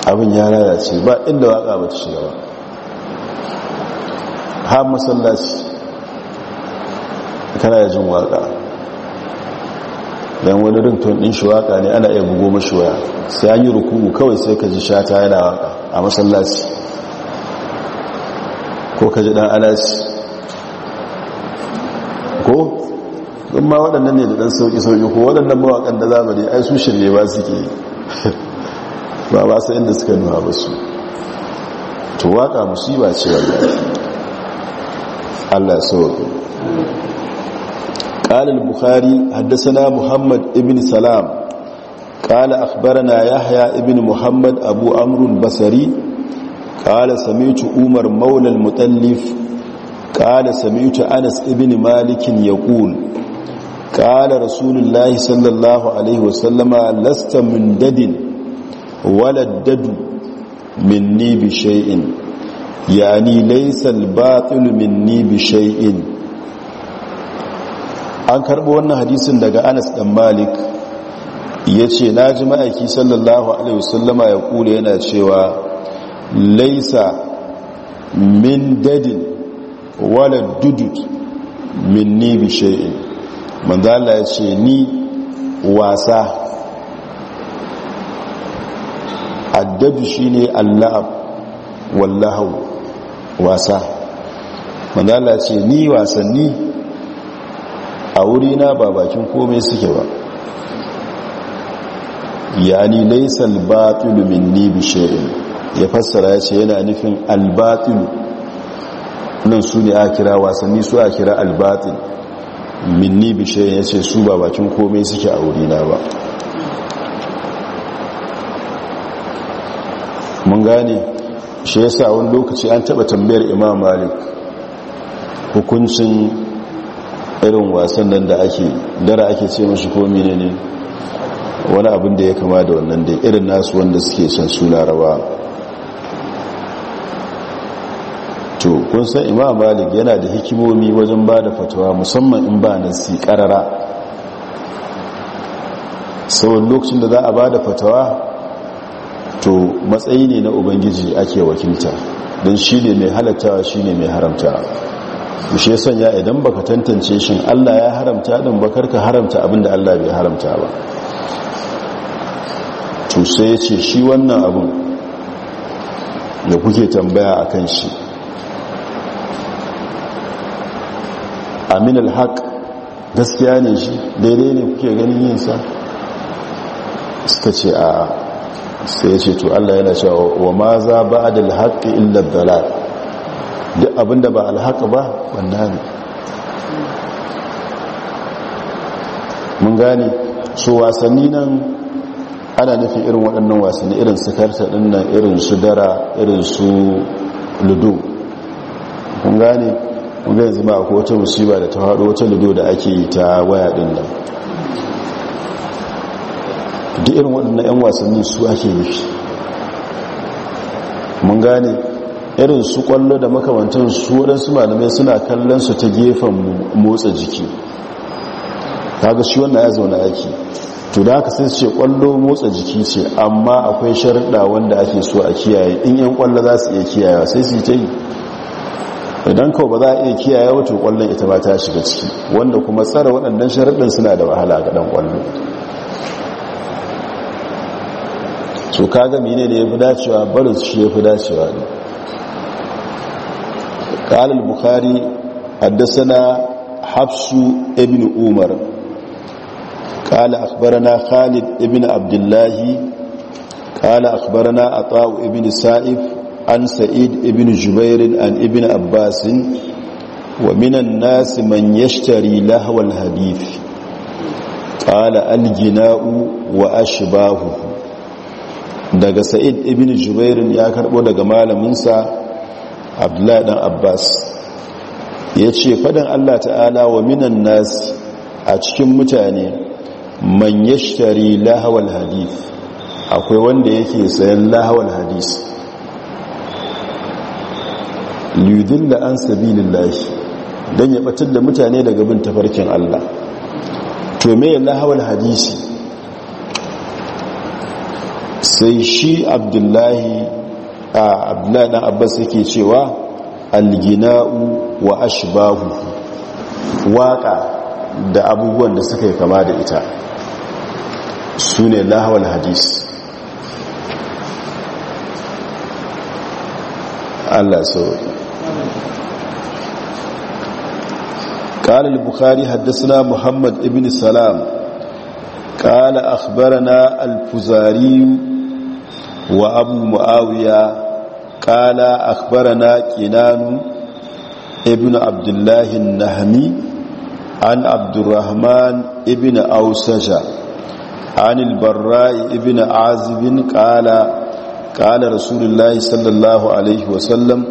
abin ya lalace ba inda waka ba ta shiga ba masallaci kana jin waka don wani rington din shi waka ne ana iya bugo mashi waya sai an yi rukuku kawai sai ka ji shata yana waka a masallaci ko ka ji dan alasi ko don ma waɗannan ne da ɗan sauƙi-sauƙi ko waɗannan mawaƙan da zamani ai su shirye ba suke ba ba sa inda suka nuna ba su to waƙa ba ce wallahi Allah ya sauƙi Buhari, البخاري Muhammad محمد Salam, سلام قال na يحيى ibn Muhammad Abu Amrun Basari. قال سمعت عمر مولى المطلف قال سمعت أنس ابن مالك يقول قال رسول الله صلى الله عليه وسلم لست من دد ولا الدد مني بشيء يعني ليس الباطل مني بشيء an karɓo wannan hadisin daga anas ɗan malik ya ce na ji ma'aiki sallallahu alaihi wasallama ya kula yana cewa laisa min dadin wala dudut min ni bi shay'in manzala ya ce ni wasa addabi shine allahab wallahu wasa manzala ya ce ni wasanni a wurina ba bakin komai suke ba yani laisal batul min ni bi shay'in ya fassara ya ce yana nufin albatin nan su ne a kira wasanni su a kira albatin minni bishe ya ce su ba bakin komai suke a wurina ba mun gane shi sa wani lokaci an taba tambayar imam malik hukuncin irin wasan nan da ake dara ake ce mashi komi ne ne wani abin da ya kama da wannan da irin nasu wanda suke son suna rawa. to kun san imam malik yana da hikimomi wajen ba da fatawa musamman in ba na si karara sauran lokacin da za a ba da fatawa to matsayi ne na ubangiji ake wakilta don shi ne mai halattawa shi ne mai haramta shi sanya idan baka tantance shi allah ya haramta ɗin bakar ka haramta abinda allah bai haramta ba to sai ya ce shi wannan abun? da kuke tambaya a kan shi amin alhaq gaskiya ne shi daidai ne kuke ganin yinsa suka ce a sai ce to Allah yana cewa wa ma za ba da alhaƙi illa dalal duk abinda ba alhaƙa ba wannan ne mun gane su wasanni nan ana nufin irin waɗannan wasanni irin su karta nan irin su dara irin su ludo mun gane kuma yanzu ba ku wata musiba da ta haɗu wata lido da ake yi ta waya ɗin nan duk irin waɗannan 'yan wasannin su ake nufi mun gane irin su ƙwallo da makamantan su waɗansu malamai suna kallon su ta gefen motsa jiki kaga shi wannan ya zaune ake to da haka sai ce ƙwallo motsa jiki ce amma akwai sharaɗa wanda ake so a kiyaye in 'yan ƙwallo za su iya kiyayewa sai su yi ta yi idan kawai ba za a iya kiyaye wato kwallon ita ba ta shiga ciki wanda kuma tsara waɗannan sharaɗin suna da wahala ga ɗan kwallo su kaga mene ne ya fi dacewa barin shi ya fi dacewa ne ƙalil bukari haddasa hafsu ibn umar قال أخبرنا خالد ابن عبد الله قال أخبرنا أطاء ابن سائف an sa'id ibn jubairin an ibn abbasin wa minan nasi man yashtari lahawal ƙala algina'u wa ashbahu daga sa'id ibn jubairin ya karɓo daga malaminsa abdullahi dan abbas yace ce faɗin allah ta'ala wa minan nasi a cikin mutane man yashtari lahawal hadith akwai wanda yake sayan lahawal hadith da an sabilillahi don ya batar da mutane daga bin tafarkin Allah to me ya lahawar hadisi sai shi abdullahi a abdullahi dan abbas yake cewa algina'u wa ashbahu waka da abubuwan da suka yi kama da ita su ne lahawar hadis Allah sauri قال البخاري حدثنا محمد ابن سلام قال أخبرنا الفزاري وأبو معاوية قال أخبرنا كنان ابن عبد الله النهمي عن عبد الرحمن ابن أوسجا عن البراء ابن عازب قال قال رسول الله صلى الله عليه وسلم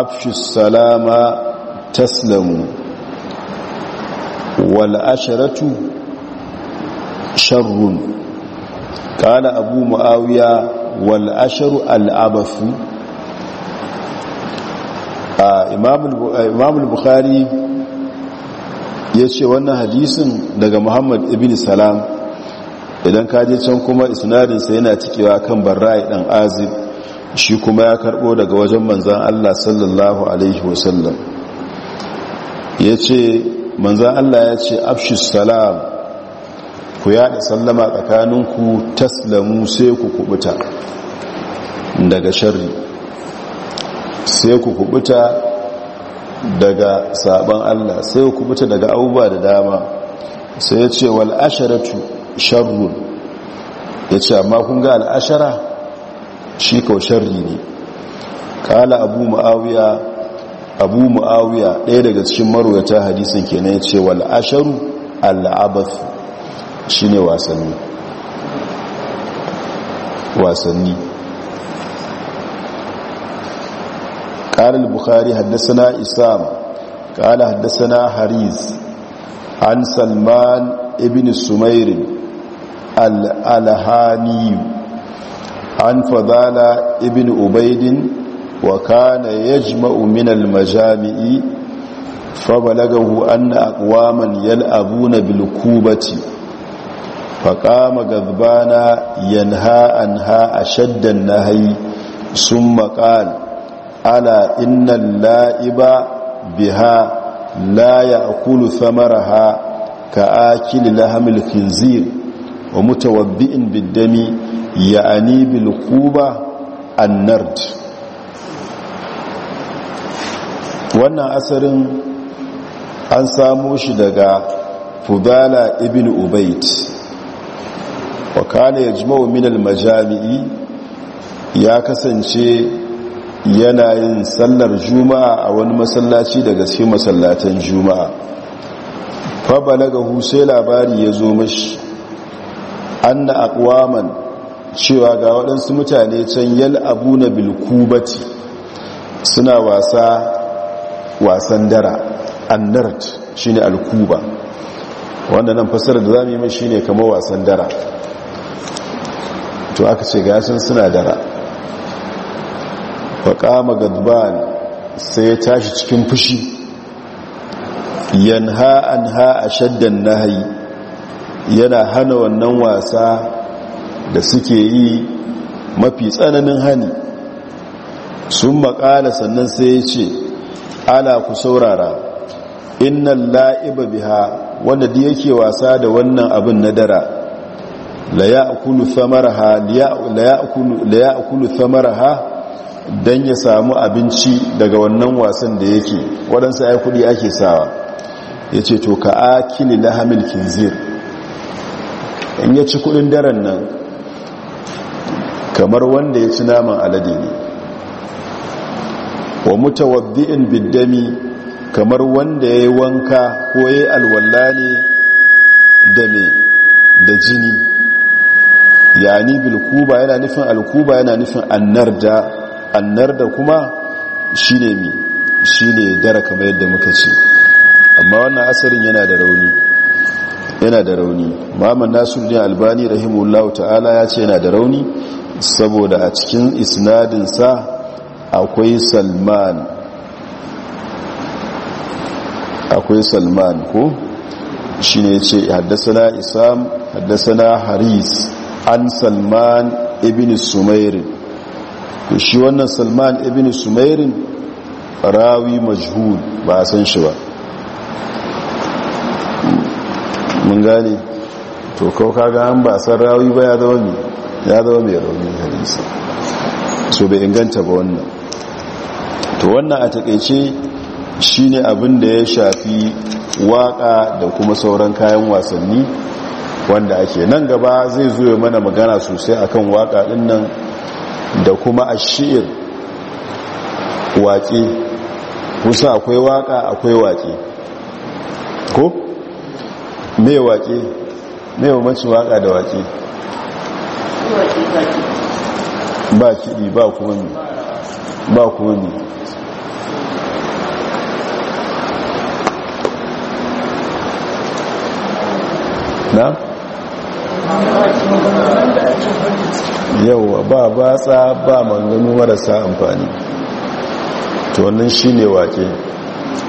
afshus salama taslamu wal asharatu sharrun kala abu muawiya wal asharu al imam al-bukhari ya ce wannan hadisin daga muhammad ibn salam idan kaje can kuma isnadinsa yana cikewa kan barra'i dan azib shi kuma ya karbo daga wajen manzan Allah sallallahu alaihi wasallam ya ce manzan Allah ya ce abshi salam ku yaɗa sallama tsakaninku taslamu sai ku kubuta daga shari sai ku kubuta daga sabon Allah sai ku kubuta daga abubuwa da dama sai ya ce wal asharatu ya ce amma kun ga al'ashara shi kawo sharri ne kala abu ma'awiya abu ma'awiya ɗaya daga cikin marwata hadisin kenan ya ce wal asharu al'abath ne wasanni wasanni haddasa na حدثنا kala haddasa na Haris, an Salman ibn Sumairin al'alhaniyu an fadala ibn ubaidin wa kana yajma'u min al-majami'i fa balagahu anna aqwaman yal'abuna bil kubati fa qama gadbana yanha anha ashadda an nahyi sun qala ala inna al-la'iba biha la ya'kulu thamaraha ka'akil lahamil khinzir wa mutawabbi'in biddami ya'ani bil quba an-nard wannan asarin an samo shi daga fudala ibn ubayd wa kana yajma'u min al-majami'i ya kasance yana yin sallar juma'a a wani masallaci daga cikin masallatan juma'a fa balagahu sai labari ya zo mashi anna aqwaman cewa ga waɗansu mutane can yal'abuna bil kubati suna wasa wasan dara annart shine alkuba wanda nan fasara da zamu yi mai shine kamar wasan dara to aka ce gashin suna dara wa qama gadban sai ya tashi cikin fushi yanha anha ashaddan nahyi yana hana wannan wasa da suke yi mafi tsananin hani sun makala sannan sai ya ce ala ku saurara innan la'iba biha wanda da yake wasa da wannan abin na dara la ya akulu samaraha don ya samu abinci daga wannan wasan da yake waɗansa ai kuɗi ake sawa ya ce to ka akili lahamil kinzir in ya ci kudin daren nan kamar wanda ya ci naman alade ne wa mutawaddi'in biddami kamar wanda ya yi wanka ko ya yi alwalla ne da me da jini yani bilkuba yana nufin alkuba yana nufin annar da annar da kuma shi ne mi shi ne dara kamar yadda muka ce amma wannan asirin yana da rauni yana da rauni muhammad nasiruddin albani rahimullahu ta'ala ya ce yana da rauni saboda a cikin isnadinsa akwai salman akwai salman ko shi ne ce haddasa isam haddasa haris an salman ibn sumairin ko shi wannan salman ibn sumairin rawi majhul ba a san shi ba mun gane to kawo kaga an ba san rawi ba ya zama mai ya zama mai rauni hadisi so bai inganta ba wannan to wannan a takaice shine abin da ya shafi waka da kuma sauran kayan wasanni wanda ake nan gaba zai zo mana magana sosai akan waka din nan da kuma ashir waƙe kusa akwai waka akwai waƙe ko mai waƙe mai mamancin waƙa da waƙe ba kiɗi ba kuma ba kuma na? yauwa ba batsa ba manganu marasa amfani to wannan shi ne waƙe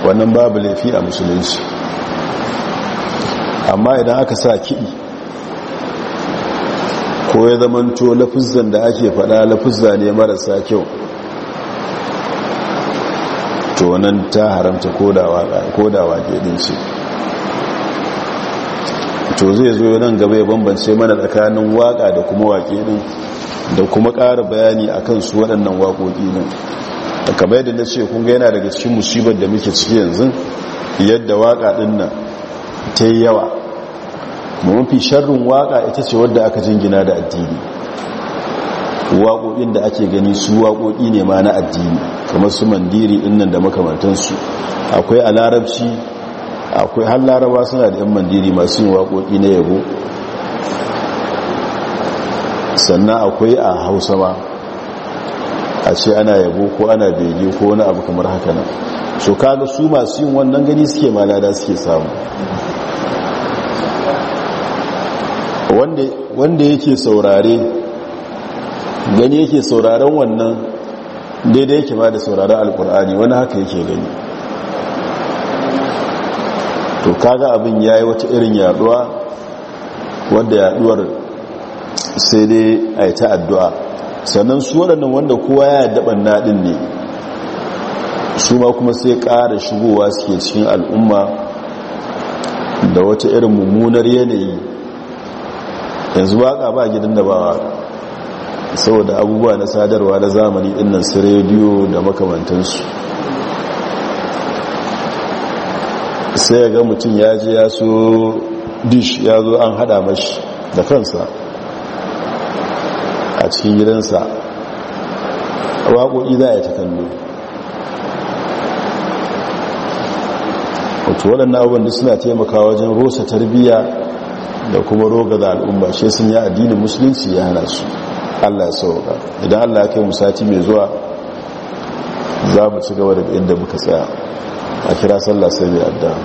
wannan babu laifi a musulunci amma idan aka sa kiɗi ko ya zamanto lafizan da ake faɗa lafizza ne marasa kyau to nan ta haramta kodawa ke ce to zai zo nan gaba ya bambance mana tsakanin waka da kuma waƙe din da kuma ƙara bayani akan su waɗannan waƙoƙi din kamar yadda na ce kunga yana daga cikin musibar da muke ciki yanzu yadda waƙa dinnan. ta yi yawa mafi sharrun waƙa ita ce wadda aka jingina da addini waƙoƙin da ake gani su waƙoƙi ne ma na addini kamar su mandiri innan da makamantansu akwai a larabci akwai har laraba suna da 'yan mandiri masu yin waƙoƙi na yabo sannan akwai a hausa ma a ce ana yabo ko ana bege ko wani abu kamar haka nan so kaga su masu yin wannan gani suke malada suke samu wanda yake saurare gani yake sauraren wannan daidai yake ba da sauraren alkur'ani wani haka yake gani to kaga abin ya yi wata irin yaduwa wadda yaduwar sai dai a yi ta addu'a sannan su waɗannan wanda kowa ya daɓan naɗin ne su ma kuma sai ƙara shigowa suke cikin al'umma da wata irin mummunar yanayi yanzu waka ba gidan da ba saboda abubuwa na sadarwa na zamani dinnan su rediyo da makamantansu sai ga mutum ya je ya so dish ya zo an hada mashi da kansa a cikin gidansa waƙoƙi za a yi ta kallo wato waɗanda abubuwan da suna taimaka wajen rosa tarbiyya da kuma roga da al'umma shi sun yi addinin musulunci ya hana su allah sauka idan allah ya kai sati mai zuwa za mu ci gaba daga inda muka tsaya a kira sallah sai mai adda